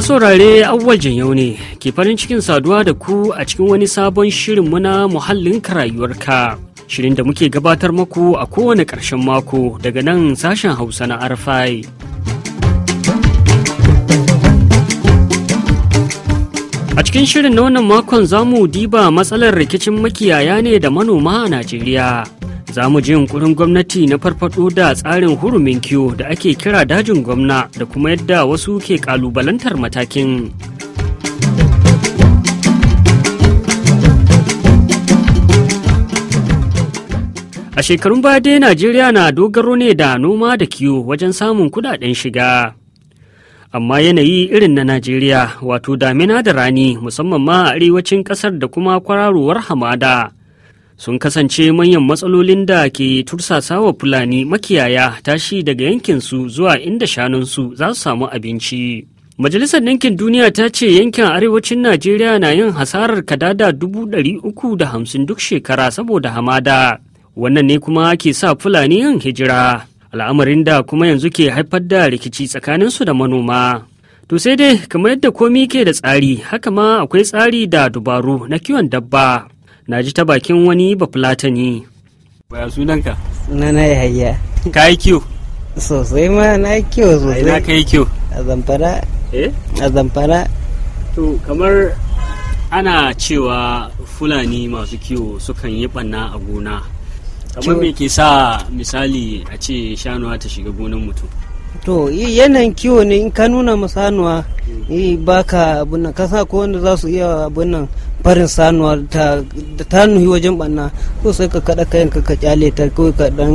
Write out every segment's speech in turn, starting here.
masaurare awwajin yau ne ke farin cikin saduwa da ku a cikin wani sabon shirin muna muhallin rayuwarka, shirin da muke gabatar maku a kowane ƙarshen mako daga nan sashen hausa na arfai A cikin shirin na wannan makon zamu diba matsalar rikicin makiyaya ne da manoma a Najeriya. za mu ji yunkurin gwamnati na farfado da tsarin hurumin kiwo da ake kira dajin gwamna da kuma yadda wasu ke kalubalantar matakin a shekarun baya dai najeriya na dogaro ne da noma da kiwo wajen samun kudaden shiga amma yanayi irin na najeriya wato damina da rani musamman ma a arewacin kasar da kuma kwararowar hamada sun kasance manyan matsalolin da ke tursasa wa fulani makiyaya tashi daga yankinsu zuwa inda shanunsu za su samu abinci. Majalisar Ninkin Duniya ta ce yankin arewacin Najeriya na yin hasarar kadada dubu uku da hamsin duk shekara saboda hamada. Wannan ne kuma ke sa Fulani yin hijira, al'amarin da kuma yanzu ke haifar da rikici tsakaninsu da manoma. To sai dai kamar yadda komi ke da tsari, haka ma akwai tsari da dubaru na kiwon dabba. na ji ta bakin wani bafulatani. Baya sunanka? na ya hayya. Ka yi kyau. Sosai ma na yi kyau sosai. ina ka yi kyau? A zamfara. Eh? A zamfara. To kamar ana cewa fulani masu kiwo sukan yi ɓanna a gona. Kamar me ke sa misali a ce shanuwa ta shiga gonan mutum? to yanayin kiwo ne in ka nuna masanuwa, ba ka abin nan kasa ko wanda za su iya abin nan farin sanuwa ta ta nuhi wajen banna ko sai ka kada kayan ka ka kyale ta ko ka dan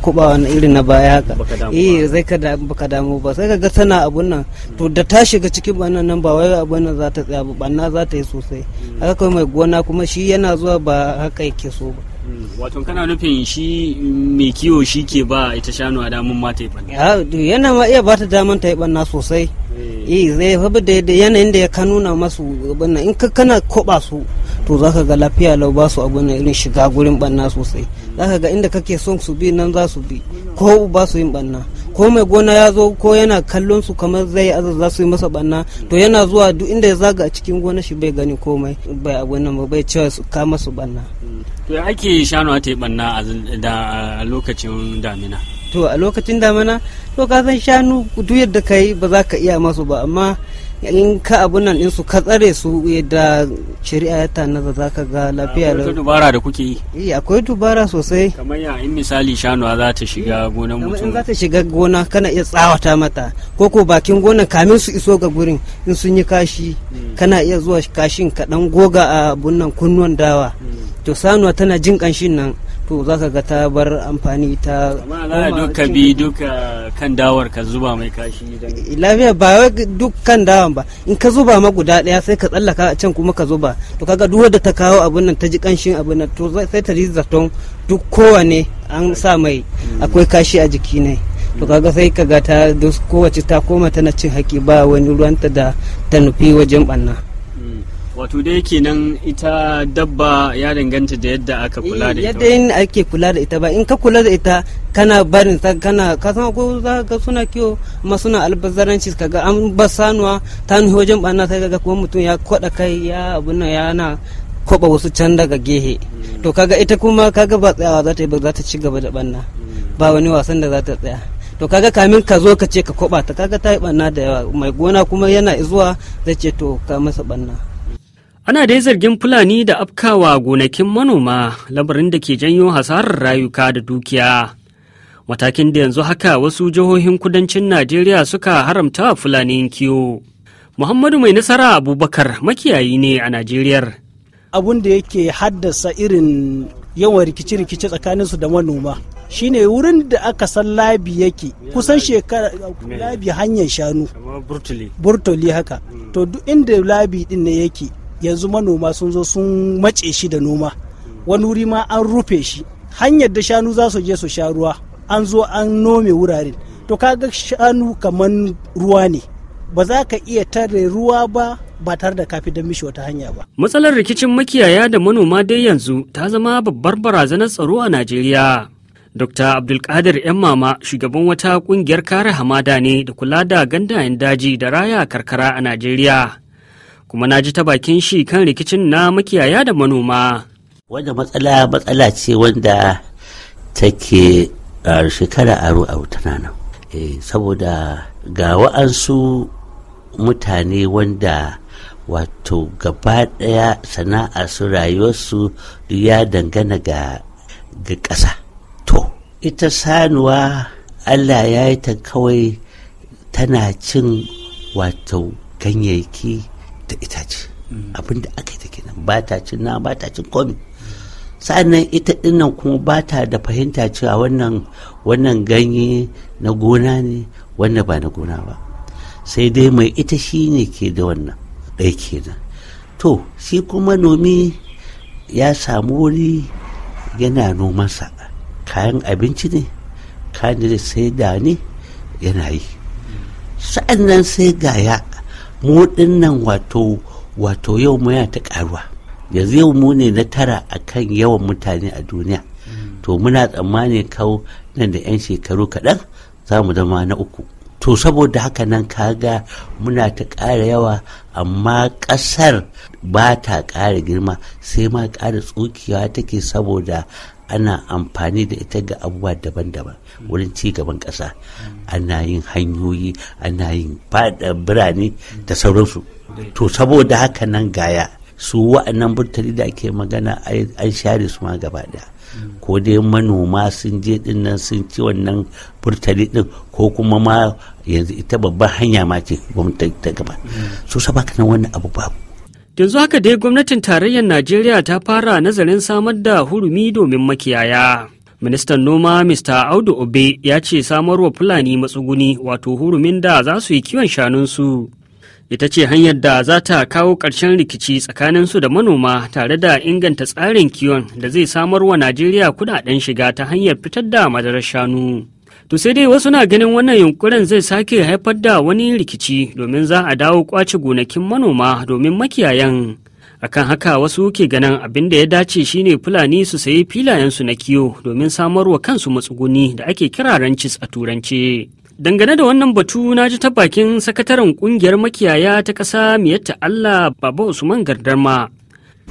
kubawa na irin na baya haka eh zai ka da baka damu ba sai ka ga tana abun nan to da ta shiga cikin bannan nan ba wai abun nan za ta tsaya ba banna za ta yi sosai hmm. haka kai mai gona kuma shi yana zuwa ba haka yake so ba hmm. wato kana nufin shi mai kiwo shi ke ba ita shanu a damun ma ta yi banna yana ma iya ba ta daman ta yi banna sosai Eh. eh zai rabu da yanayin da ya ka nuna masu abinnan in ka kana koɓa su to za ka ga lafiya lau ba su abin irin shiga gurin banna sosai za ka ga inda kake son su bi nan za su bi ko ba su yin banna ko mai gona ya zo ko yana kallon su kamar zai aza za su yi masa banna to yana zuwa duk inda ya zaga a cikin gona shi bai gani komai bai abin nan bai cewa su kama su banna hmm. to ya ake shanu ta yi banna a lokacin damina to a lokacin damana to ka san shanu duk yadda ka yi ba za ka iya masu ba amma in ka abu nan ɗinsu ka tsare su yadda shari'a ya tanada za ka ga lafiya da Akwai dubara da kuke yi? Eh, akwai dubara sosai. Kamar ya in misali shanuwa za ta shiga eh, gonan mutum. Kamar za ta shiga gona kana iya tsawata mata ko ko bakin gonan kamin su iso ga gurin in sun yi kashi hmm. kana iya zuwa kashin kaɗan goga a abun nan kunnuwan dawa. Hmm. To sanuwa tana jin ƙanshin nan to za ka ga ta bar amfani ta amma duka bi duka kan dawar ka zuba mai kashi lafiya ba wai duk kan dawan ba in ka zuba ma guda daya sai ka tsallaka a can kuma ka zuba to kaga duk wanda ta kawo abin nan ta ji kanshin abin nan to sai ta riza ton duk kowane an sa mai akwai kashi a jiki ne to kaga sai kaga ta kowace ta koma tana cin haƙi ba wani ruwanta da ta nufi wajen banna wato dai kenan ita dabba ya danganta da yadda aka kula da eh, ita yadda in ake kula da ita ba in ka kula da ita kana barin ta kana ka san ko za ka suna kiwo amma suna albazaranci kaga an sanuwa ta nuhi wajen na sai ga kuma mutum ya kwaɗa kai ya abu nan ya na wasu can daga gehe hmm. to kaga ita kuma kaga ba tsayawa za ta yi ba za ta ci gaba da banna hmm. ba wani wasan da za ta tsaya to kaga kamin ka zo ka ce ka kwaba ta kaga ta yi banna da yawa mai gona kuma yana zuwa zai ce to ka masa banna Ana dai zargin Fulani da afkawa gonakin manoma lamarin da ke janyo hasarar rayuka da dukiya. Matakin da yanzu haka wasu jihohin kudancin Najeriya suka haramta Fulani kiwo. Muhammadu mai nasara Abubakar makiyayi ne a Najeriya. Abun da yake haddasa irin yawan rikici-rikici tsakaninsu da manoma. shine wurin da aka san labi yake kusan shekara labi hanyar shanu burtuli haka to duk inda labi din ne yake yanzu manoma sun zo sun mace shi da noma wani wuri ma an rufe shi hanyar da shanu za su je su sha ruwa an zo an nome wuraren to kaga shanu kamar ruwa ne ba za ka iya tare ruwa ba ba tare da kafi don mishi wata hanya ba. Matsalar rikicin makiyaya da manoma dai yanzu ta zama babbar barazanar tsaro a Najeriya. Dr. Abdulkadir ‘yan mama shugaban wata kungiyar kare hamada ne da kula da gandayen daji da raya karkara a Najeriya. kuma na ji ta bakin shi kan rikicin na makiyaya da manoma. Wanda matsala matsala ce wanda take shekara aro a tana nan. Eh, saboda ga wa'ansu mutane wanda wato gaba ɗaya sana'a su rayuwarsu ya dangana ga ƙasa. To, ita sanuwa Allah ya yi ta kawai tana cin wato ganyayyaki ta ce abin da aka yi ta kenan ba ta cin na ba ta cin komi sa'annan ita dinnan kuma ba ta da fahimta cewa wannan wannan ganye na gona ne wannan ba na gona ba sai dai mai ita shi ne ke da wannan ɗai kenan to shi kuma nomi ya samu wuri yana nomansa kayan abinci ne kayan da sai da ne yana yi sa'annan sai gaya mu dinnan wato wato yau mu yana ta karuwa yanzu yau mu ne na tara akan yawan mutane a duniya mm. to muna tsammanin kau nan da 'yan shekaru kaɗan za mu zama na uku to saboda haka nan kaga muna ta ƙara yawa amma ƙasar ba ta ƙara girma sai ma ƙara tsokewa take saboda ana amfani da ita ga abubuwa daban-daban wurin ci gaban ƙasa ana yin hanyoyi ana yin fada birane da sauransu to saboda haka nan gaya su wa'annan burtali da ake magana an share su ma gaba ko dai manoma sun je din nan sun ci wannan burtali din ko kuma ma yanzu ita babban hanya ma ce gwamnati ta gaba so sabaka wannan abu babu Yanzu haka dai gwamnatin tarayyar Najeriya ta fara nazarin samar da hurumi domin makiyaya. Ministan noma Mr. Audu Obe ya ce samarwa Fulani matsuguni wato hurumin da za su yi kiwon shanunsu. Ita ce hanyar da za ta kawo ƙarshen rikici tsakaninsu da manoma tare da inganta tsarin kiwon da zai samarwa Najeriya kudaden shiga ta hanyar fitar da madarar shanu. To sai dai wasu na ganin wannan yunkurin zai sake haifar da wani rikici domin za a dawo kwace gonakin manoma domin makiyayan. Akan haka wasu ke ganin abin da ya dace shine Fulani su sayi filayensu na kiyo domin samarwa kansu matsuguni da ake kira rancis a turance. Dangane da wannan batu na ji ta bakin sakataren kungiyar makiyaya ta ƙasa miyatta Allah Baba Usman Gardarma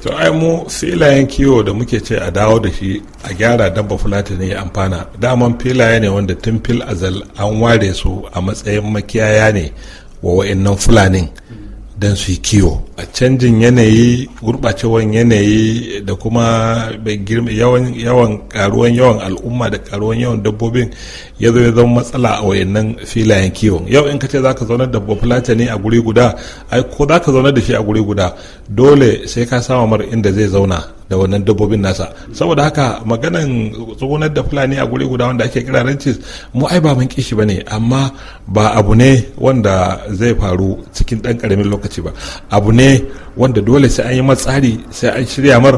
to ai mu filayen kiwo da muke ce a dawo da shi a gyara dabba fulatani ya amfana daman filaye ne wanda tun fil azal an ware su a matsayin makiyaya ne wa wa'annan fulanin don su yi kiwo a canjin yanayi gurɓacewan yanayi da kuma yawan yawan karuwan yawan al'umma da karuwan yawan dabbobin ya zo zama matsala a wayannan filayen kiwo yau in ka ce zaka zaunar da bafulata ne a guri guda ai ko zaka zaunar da shi a guri guda dole sai ka sama mar inda zai zauna da wannan dabbobin nasa saboda haka maganan tsugunar da fulani a guri guda wanda ake kira ranches mu ai ba mun kishi bane amma ba abu ne wanda zai faru cikin dan karamin lokaci ba abu ne wanda dole sai an yi matsari sai an shirya mar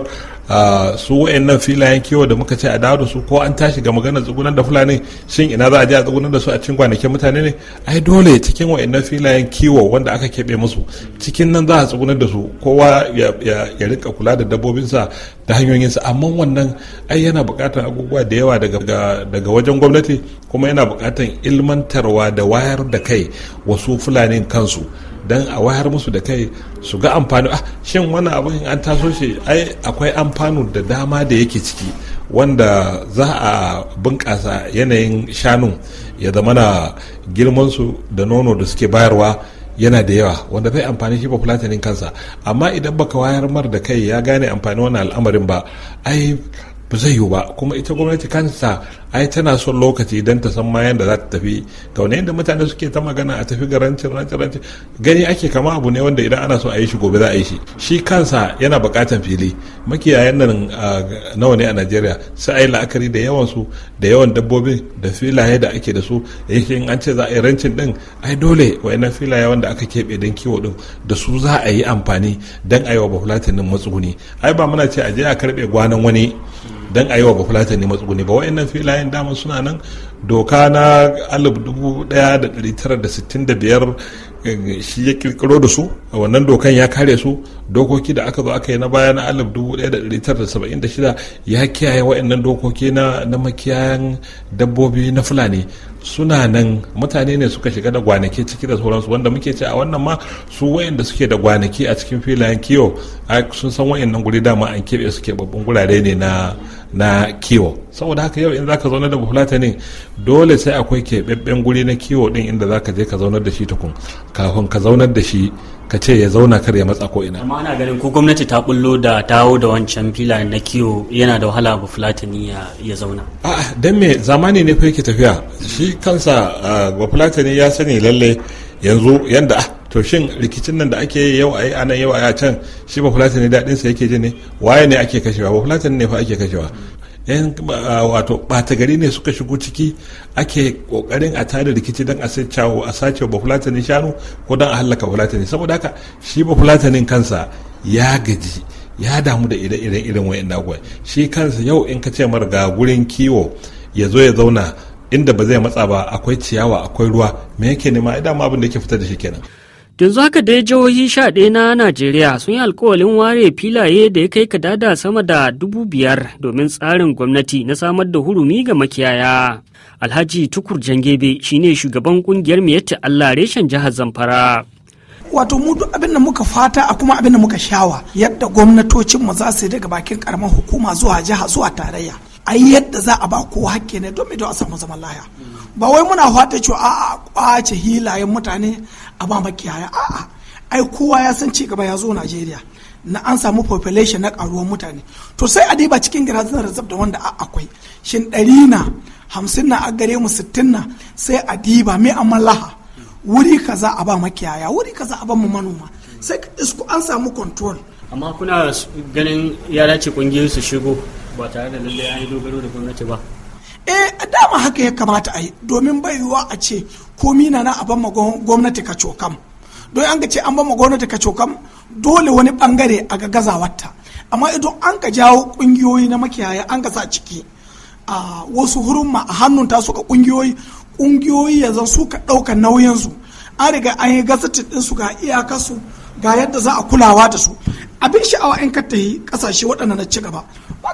su wayannan filayen kiwo da muka ce a dawo da su ko an tashi ga maganar tsugunan da fulani shin ina za a je a tsugunan da su a cikin kwanakin mutane ne ai dole cikin wayannan filayen kiwo wanda aka keɓe musu cikin nan za a tsugunar da su kowa ya rinka kula da dabbobinsa da hanyoyinsa amma wannan ai yana buƙatar abubuwa da yawa daga wajen gwamnati kuma yana buƙatar ilmantarwa da wayar da kai wasu fulanin kansu don a wayar musu da kai su ga amfani ah shin wani abin an taso shi ai akwai amfanu da dama da yake ciki wanda za a bunƙasa yanayin shanun ya zama na girmansu da nono da suke bayarwa yana da yawa wanda zai amfani shi ba fulatanin kansa amma idan baka wayar mar da kai ya gane amfani wannan al'amarin ba ai ba zai yiwu ba kuma ita gwamnati kansa ai tana son lokaci idan ta san mayan da za ta tafi to wani yadda mutane suke ta magana a tafi ga rancin rancin rancin gani ake kama abu ne wanda idan ana so a yi shi gobe za a yi shi shi kansa yana bukatan fili makiyayan nan nawa ne a Najeriya sai a yi la'akari da yawan su da yawan dabbobin da filaye da ake da su yake in an ce za a yi rancin din ai dole wayannan filaye wanda aka keɓe don kiwo din da su za a yi amfani don a yi wa bafulatin matsuguni ai ba muna ce a je a karɓe gwanan wani dan a yi wa bafulatani matsuguni ba wa'annan filayen dama suna nan doka na 1965 eh, shi ya kirkiro da su wannan dokan ya kare su dokoki da aka zo aka yi na baya na 1976 ya kiyaye wa'annan dokoki na makiyayan dabbobi na fulani suna nan mutane ne suka shiga da gwanaki ciki da sauransu wanda muke ce a wannan ma su wayanda suke da gwanaki a cikin filayen kiwo sun san wayannan guri dama an keɓe suke babban gurare ne na na kiwo saboda haka yau in zaka zaunar da bafulata ne dole sai akwai keɓaɓɓen guri na kiwo ɗin inda zaka je ka zaunar da shi tukun kafin ka zaunar da shi ka ce ya zauna kar ya matsa ko ina amma ana ganin ko gwamnati ta bullo da tawo da wancan filayen na kiwo yana da wahala ba fulatani ya zauna a dan me zamani ne fa yake tafiya shi kansa ah, ba fulatani ya sani lalle yanzu yanda ah, to shin rikicin nan da ake yau a yi a nan yau a can shi ba fulatin ne daɗinsa yake ji ne waye ne ake kashewa ba fulatin ne fa ake kashewa yan ah, wato ɓata gari ne suka shigo ciki ake ƙoƙarin a tare rikici don a sacewa a sace ba shanu ko don a hallaka fulatani saboda haka shi ba kansa ya gaji ya damu da ire-iren irin wayan nagwai shi kansa yau in ka ce mar ga gurin kiwo ya zo ya zauna inda ba zai matsa ba akwai ciyawa akwai ruwa me yake nema idan ma abin da yake fitar da shi kenan yanzu haka dai jihohi sha ɗaya na najeriya sun yi alkawalin ware filaye da ya kai kadada sama da dubu biyar domin tsarin gwamnati na samar da hurumi ga makiyaya alhaji tukur jangebe shine shugaban kungiyar miyatta allah reshen jihar zamfara wato mu duk abin da muka fata a kuma abin da muka shawa yadda gwamnatocin mu za su yi daga bakin karamar hukuma zuwa jiha zuwa tarayya a yi yadda za a ba ko hakki ne don don a samu zaman laya ba wai muna fata cewa a kwace hilayen mutane a ba makiyaya a'a ai kowa ya san cigaba ya zo najeriya na an samu population na karuwar mutane to sai a diba cikin gidajen reserve da wanda a akwai shin ɗari na hamsin na a gare mu sittin na sai a diba mai amalaha wuri kaza a ba makiyaya wuri kaza a ba mu manoma sai isku an samu control amma kuna ganin ya dace kungiyoyi su shigo ba tare da lallai an yi dogaro da gwamnati ba eh dama haka ya kamata a yi domin bai yiwuwa a ce komi na na ban ma gwamnati ka cokam don an ga ce an bama gwamnati ka cokam dole wani bangare a ga gazawarta amma idan an ka jawo kungiyoyi na makiyaya an ka sa ciki a wasu hurumma a hannun ta suka kungiyoyi kungiyoyi ya zan suka ɗauka nauyinsu an riga an yi ɗin su ga iyakarsu ga yadda za a kulawa da su abin sha'awa in ka tafi ƙasashe waɗanda na ci gaba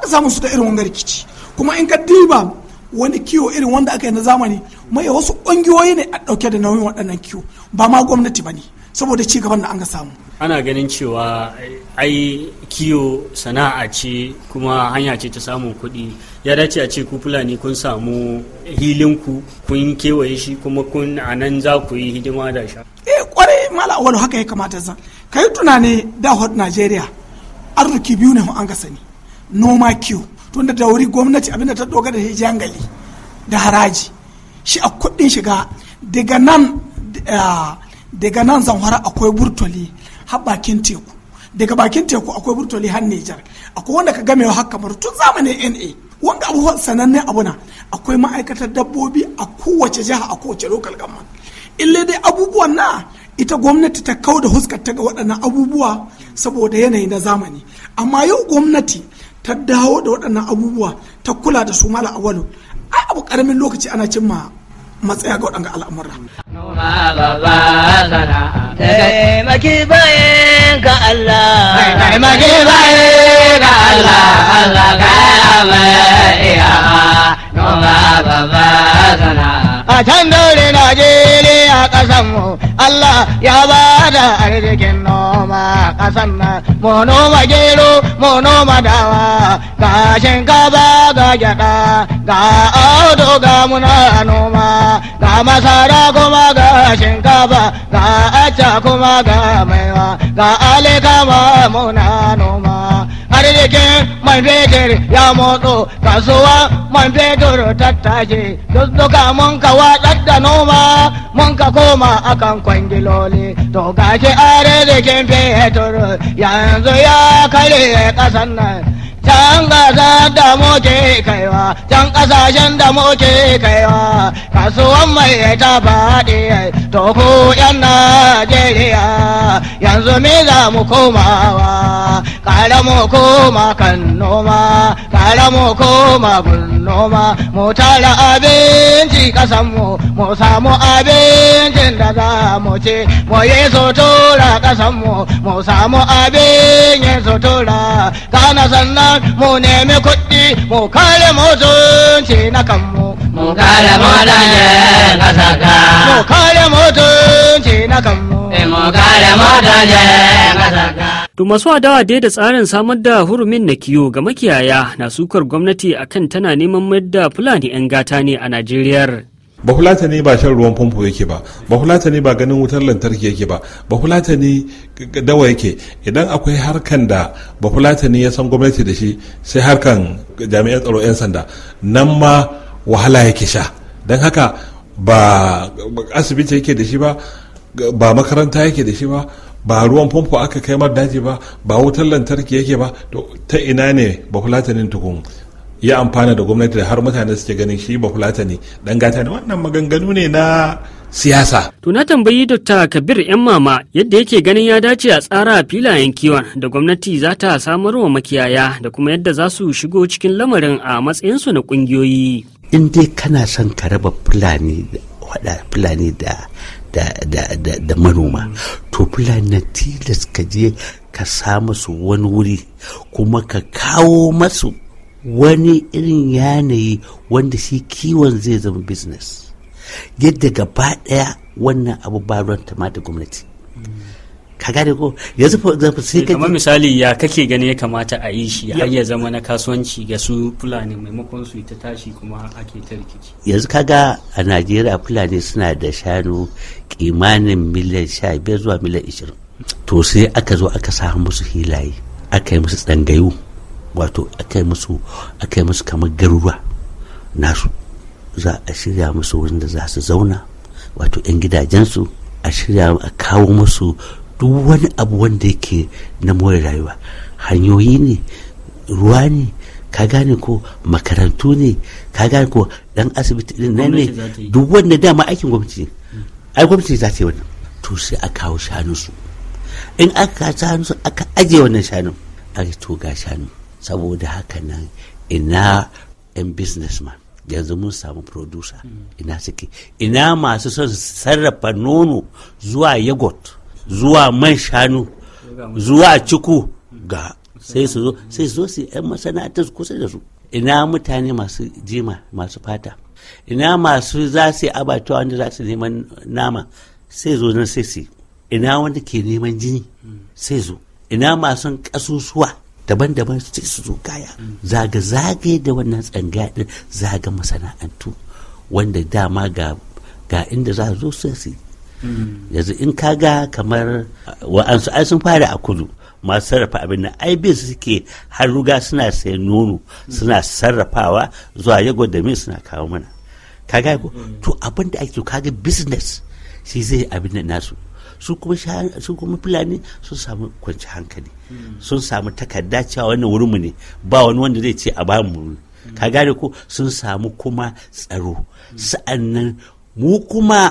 ka samu su da irin wanga rikici kuma in ka diba wani kiwo irin wanda aka yi na zamani mai wasu ƙungiyoyi ne a ɗauke da nauyin waɗannan kiwo ba ma gwamnati ba ne saboda ci gaban da an ga samu ana ganin cewa ai kiwo sana'a ce kuma hanya ce ta samun kuɗi ya dace a ce ku fulani kun samu hilinku kun kewaye shi kuma kun a nan za ku yi hidima da sha eh kwarai mala wani haka ya kamata zan kai tunani da hot najeriya arziki biyu ne an ga sani noma kiwo tunda da wuri gwamnati abinda ta dogara da jangali da haraji shi a kuɗin shiga daga nan eh, daga nan akwai burtoli har bakin teku daga bakin teku akwai burtoli har Nijar akwai wanda ka game har kamar tun zamanin NA wanda sananne sanannen abuna akwai ma'aikatar dabbobi a kowace jiha a kowace lokal government ille dai abubuwan na ita gwamnati ta kau da huskar ta ga waɗannan abubuwa saboda yanayi na zamani amma yau gwamnati ta dawo da waɗannan abubuwa ta kula da su mala awalu ai abu karamin lokaci ana cimma matsaya ga waɗanga al'amura. Taimaki bayan ka Allah, taimaki bayan ka Allah, Allah ka iya noma babba sana. A can daure Najeriya ƙasanmu, Allah ya ba da arzikin kasan nan mu noma gero mu noma dawa ga shinkafa ga gyaɗa ga auto ga muna noma ga masara kuma ga shinkafa ga acha kuma ga maiwa ga alikama muna noma jirgin man ya motso kasuwa man fetur tattaje duk duka mun ka watsar da noma mun ka koma akan kwangiloli to gashi arzikin fetur yanzu ya kare kasan nan can ƙasa da muke kaiwa can ƙasashen da muke kaiwa kasuwan mai ta faɗi to ku yan najeriya yanzu me za mu komawa kare mu koma kan noma kare mu koma noma mu tara abinci ƙasanmu mu samu abincin da za mu ci mu yi sutura ƙasanmu mu samu abin yin sutura kana sannan mu nemi kuɗi mu kare mutunci na kanmu mu kare mutunci na saka mu kare mutunci na kanmu eh, mu kare mutunci na To masu adawa dai da tsarin samar da hurumin na kiyo ga makiyaya na sukar gwamnati akan tana neman mayar da Fulani 'yan gata ne a Najeriya. bahulata ne ba shan ruwan famfo yake ba bahulata ne ba ganin wutar lantarki yake ba bahulata ne dawa yake idan akwai harkan da bahulata ne ya san gwamnati da shi sai harkan jami'an tsaro 'yan sanda nan ma wahala yake sha don haka ba asibiti yake da shi ba ba makaranta yake da shi ba ba ruwan famfo aka kai mar daji ba ba wutar lantarki yake ba to ta ina ne ne tukun ya amfana da gwamnati da har mutane suke ganin shi ba fulata ne dan gata ne wannan maganganu ne na siyasa. To na tambayi Dr. Kabir ‘yan mama yadda yake ganin ya dace a tsara filayen kiwon da gwamnati za ta samar wa makiyaya da kuma yadda za su shigo cikin lamarin a matsayinsu na ƙungiyoyi. In dai kana son ka raba fulani fulani da da, da, da, da manoma to fulani na tilas ka je ka sa masu wani wuri kuma ka kawo masu wani irin yanayi wanda shi kiwon zai zama business yadda gaba daya wannan abu ba ruwan ta da gwamnati ka gane ko yanzu zafi sai eh, ka kamar misali ya kake gani ya kamata a yi shi har ya zama na kasuwanci ga su fulani maimakon su ta tashi kuma ake ta rikici yanzu kaga a najeriya fulani suna da shanu kimanin miliyan sha biyar zuwa miliyan ishirin to sai aka zo aka sa musu hilaye aka yi musu tsangayu wato aka yi musu aka yi musu kamar garuruwa nasu za a shirya musu wurin da za su zauna wato 'yan gidajensu a shirya a kawo musu duk wani abu wanda yake na more rayuwa hanyoyi ne ruwa ne ka gane ko makarantu ne ka gane ko dan asibiti din nan ne duk wanda dama aikin gwamnati ne ai gwamnati za ta yi wannan to sai a kawo su in aka kawo shanu aka ajiye wannan shanun ai to ga shanu saboda haka nan ina 'yan businessman yanzu mun samu producer ina suke ina masu son sarrafa nono zuwa yogurt zuwa man shanu zuwa ciku ga sai su zo sai su zo su yan masana'antar kusa da su ina mutane masu jima masu fata ina masu za su yi abatuwa wanda za su neman nama sai zo nan sai su ina wanda ke neman jini sai zo ina masu kasusuwa daban-daban sai su zo kaya zaga zagaye da wannan tsanga din zaga masana'antu wanda dama ga ga inda za zo su yi. Mm. yanzu in kaga kamar uh, wa'ansu ai sun fara a kudu masu sarrafa abin nan ai bin suke har ruga suna sayan nono mm. suna sarrafawa zuwa yago da min suna kawo mana kaga mm. to abin da ake kaga business shi zai abin nan nasu su kuma su kuma fulani sun samu kwanci hankali sun samu takarda cewa wannan wurinmu ne ba wani wanda zai ce a ba mu ka gane ko sun samu kuma tsaro sa'annan mu kuma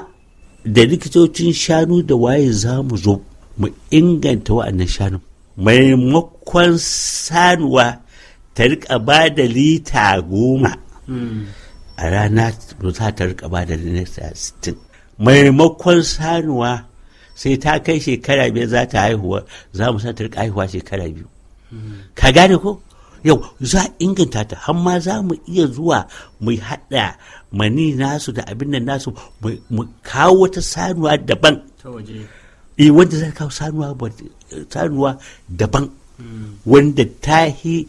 da likitocin shanu da waye za mu zo mu inganta wa'annan shanu maimakon sanuwa ta rika ba da lita goma a rana ta rika ba da lita sittin maimakon sanuwa sai ta kai shekara biyar za ta haihuwa za mu san ta rika haihuwa shekara biyu ka gane ko yau za a inganta ta har za mu iya zuwa mu haɗa mani nasu da abin nan nasu mu kawo wata sanuwa daban e wanda za kawo sanuwa daban wanda ta hi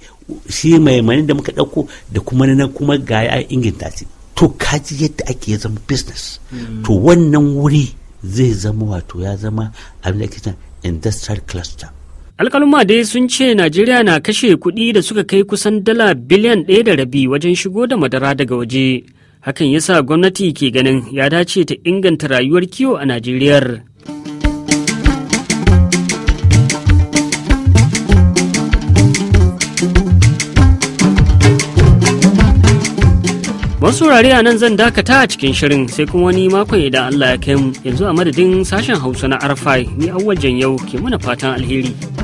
shi mai mani da muka ɗauko da kuma nan kuma ga ya inganta ce to kaji yadda ake zama business hmm. to wannan wuri zai zama wato ya zama abin da kitan industrial cluster alkaluma dai sun ce najeriya na kashe kuɗi da suka kai kusan dala biliyan ɗaya da rabi wajen shigo da madara daga waje hakan yasa gwamnati ke ganin ya dace ta inganta rayuwar kiwo a Najeriya. Masu wurare a nan zan dakata a cikin shirin sai kuma wani makon idan Allah ya kai mu yanzu a madadin sashen Hausa na Arfai ni awwajen yau ke muna fatan alheri.